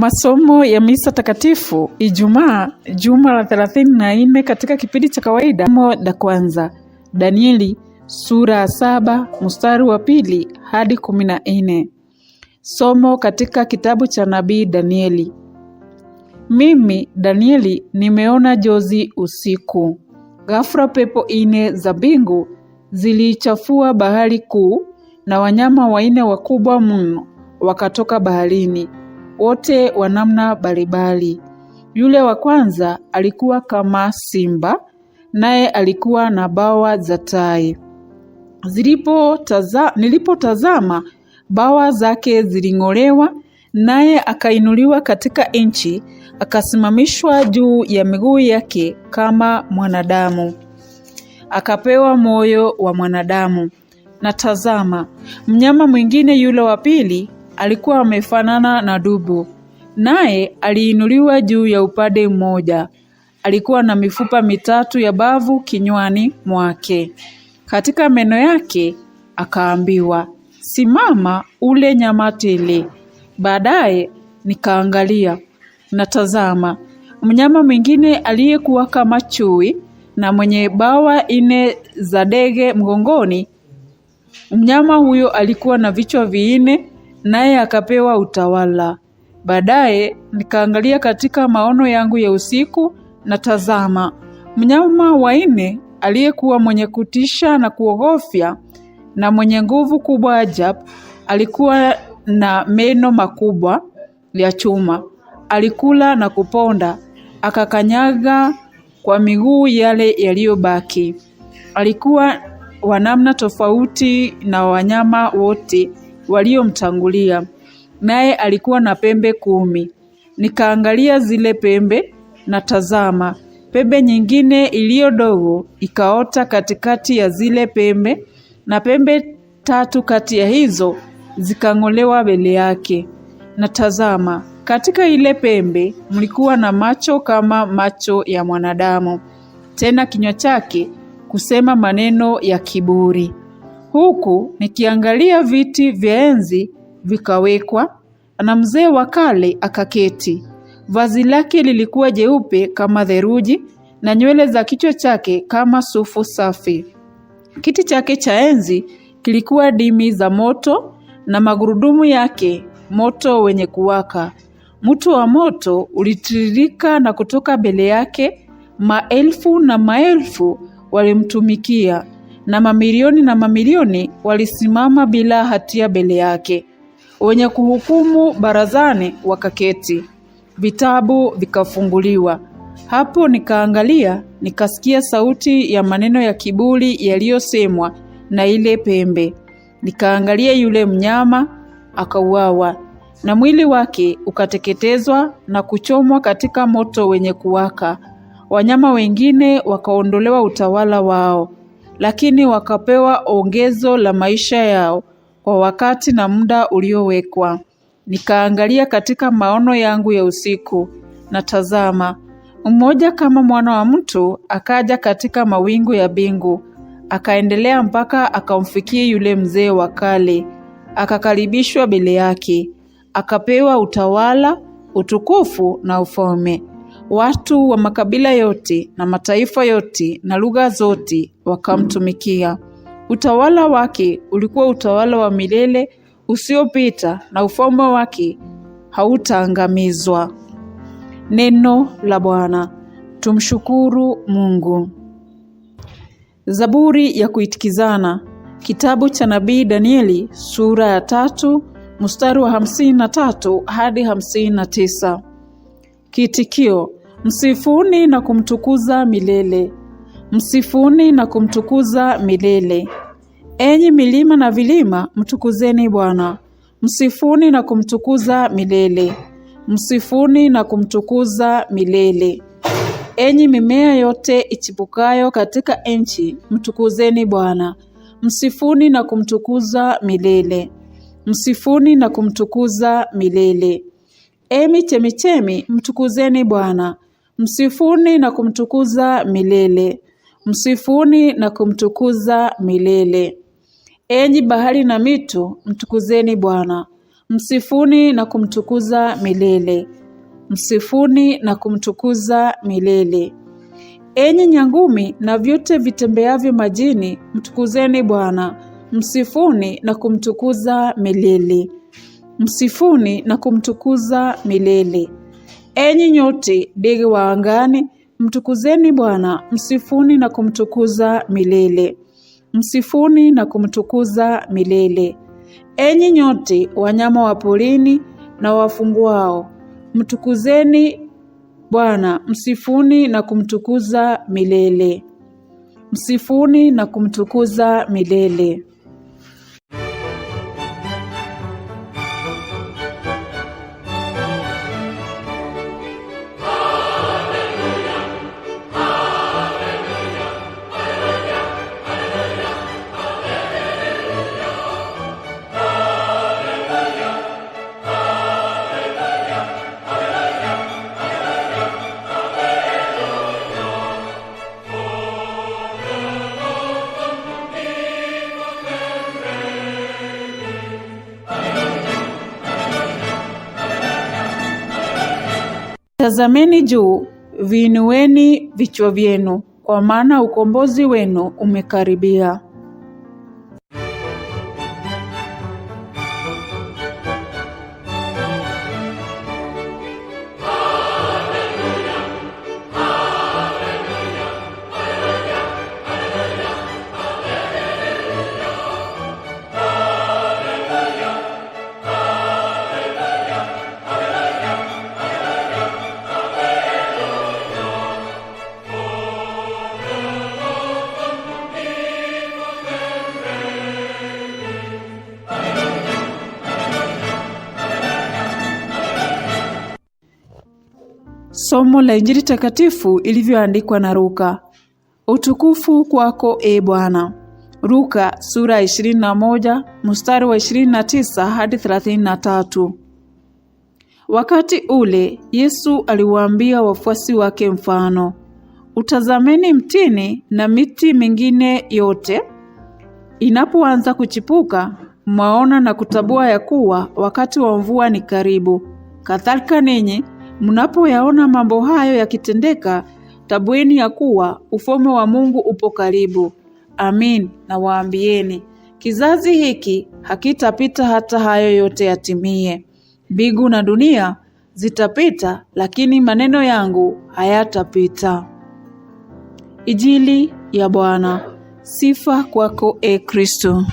Masomo ya Misa Takatifu Ijumaa, juma la 34 katika kipindi cha kawaida. Somo la kwanza, Danieli sura ya saba mstari wa pili hadi kumi na nne. Somo katika kitabu cha nabii Danieli. Mimi Danieli nimeona jozi usiku, ghafla pepo ine za mbingu ziliichafua bahari kuu, na wanyama waine wakubwa mno wakatoka baharini wote wa namna mbalimbali. Yule wa kwanza alikuwa kama simba, naye alikuwa na bawa za tai. Zilipotaza, nilipotazama bawa zake ziling'olewa, naye akainuliwa katika nchi, akasimamishwa juu ya miguu yake kama mwanadamu, akapewa moyo wa mwanadamu. Na tazama, mnyama mwingine yule wa pili alikuwa amefanana na dubu, naye aliinuliwa juu ya upande mmoja. Alikuwa na mifupa mitatu ya bavu kinywani mwake, katika meno yake akaambiwa, simama ule nyama tele. Baadaye nikaangalia na tazama, mnyama mwingine aliyekuwa kama chui na mwenye bawa nne za dege mgongoni. Mnyama huyo alikuwa na vichwa vinne naye akapewa utawala. Baadaye nikaangalia katika maono yangu ya usiku, na tazama, mnyama wa nne aliyekuwa mwenye kutisha na kuogofya na mwenye nguvu kubwa ajabu, alikuwa na meno makubwa ya chuma, alikula na kuponda, akakanyaga kwa miguu yale yaliyobaki. Alikuwa wa namna tofauti na wanyama wote waliomtangulia, naye alikuwa na pembe kumi. Nikaangalia zile pembe, na tazama, pembe nyingine iliyo dogo ikaota katikati ya zile pembe, na pembe tatu kati ya hizo zikang'olewa mbele yake. Na tazama, katika ile pembe mlikuwa na macho kama macho ya mwanadamu, tena kinywa chake kusema maneno ya kiburi huku nikiangalia viti vya enzi vikawekwa na mzee wa kale akaketi. Vazi lake lilikuwa jeupe kama theruji na nywele za kichwa chake kama sufu safi. Kiti chake cha enzi kilikuwa dimi za moto na magurudumu yake moto wenye kuwaka. Mto wa moto ulitiririka na kutoka mbele yake, maelfu na maelfu walimtumikia na mamilioni na mamilioni walisimama bila hatia mbele yake. Wenye kuhukumu barazani wakaketi, vitabu vikafunguliwa. Hapo nikaangalia, nikasikia sauti ya maneno ya kiburi yaliyosemwa na ile pembe. Nikaangalia yule mnyama akauawa, na mwili wake ukateketezwa na kuchomwa katika moto wenye kuwaka. Wanyama wengine wakaondolewa utawala wao lakini wakapewa ongezo la maisha yao kwa wakati na muda uliowekwa. Nikaangalia katika maono yangu ya usiku, na tazama, mmoja kama mwana wa mtu akaja katika mawingu ya bingu, akaendelea mpaka akamfikia yule mzee wa kale, akakaribishwa mbele yake, akapewa utawala, utukufu na ufalme watu wa makabila yote na mataifa yote na lugha zote wakamtumikia. Utawala wake ulikuwa utawala wa milele usiopita, na ufalme wake hautaangamizwa. Neno la Bwana. Tumshukuru Mungu. Zaburi ya kuitikizana, kitabu cha nabii Danieli sura ya tatu mstari wa hamsini na tatu hadi hamsini na tisa. Kiitikio: Msifuni na kumtukuza milele. Msifuni na kumtukuza milele. Enyi milima na vilima, mtukuzeni Bwana. Msifuni na kumtukuza milele. Msifuni na kumtukuza milele. Enyi mimea yote ichipukayo katika nchi, mtukuzeni Bwana. Msifuni na kumtukuza milele. Msifuni na kumtukuza milele. Emi chemichemi, mtukuzeni Bwana. Msifuni na kumtukuza milele. Msifuni na kumtukuza milele. Enyi bahari na mito, mtukuzeni Bwana. Msifuni na kumtukuza milele. Msifuni na kumtukuza milele. Enyi nyangumi na vyote vitembeavyo majini, mtukuzeni Bwana. Msifuni na kumtukuza milele. Msifuni na kumtukuza milele. Enyi nyote dege wa angani, mtukuzeni Bwana, msifuni na kumtukuza milele, msifuni na kumtukuza milele. Enyi nyote wanyama wa porini na wafunguao, mtukuzeni Bwana, msifuni na kumtukuza milele, msifuni na kumtukuza milele. Tazameni juu, viinueni vichwa vyenu, kwa maana ukombozi wenu umekaribia. Somo la Injili takatifu ilivyoandikwa na Luka. Utukufu kwako e Bwana. Luka sura ya 21 mstari wa 29 hadi 33. Wakati ule Yesu aliwaambia wafuasi wake mfano, utazameni mtini na miti mingine yote inapoanza kuchipuka, mwaona na kutabua ya kuwa wakati wa mvua ni karibu. Kadhalika ninyi Mnapoyaona mambo hayo yakitendeka, tabueni ya kuwa ufalme wa Mungu upo karibu. Amin, nawaambieni kizazi hiki hakitapita hata hayo yote yatimie. Mbingu na dunia zitapita, lakini maneno yangu hayatapita. ijili ya Bwana. Sifa kwako, e Kristo.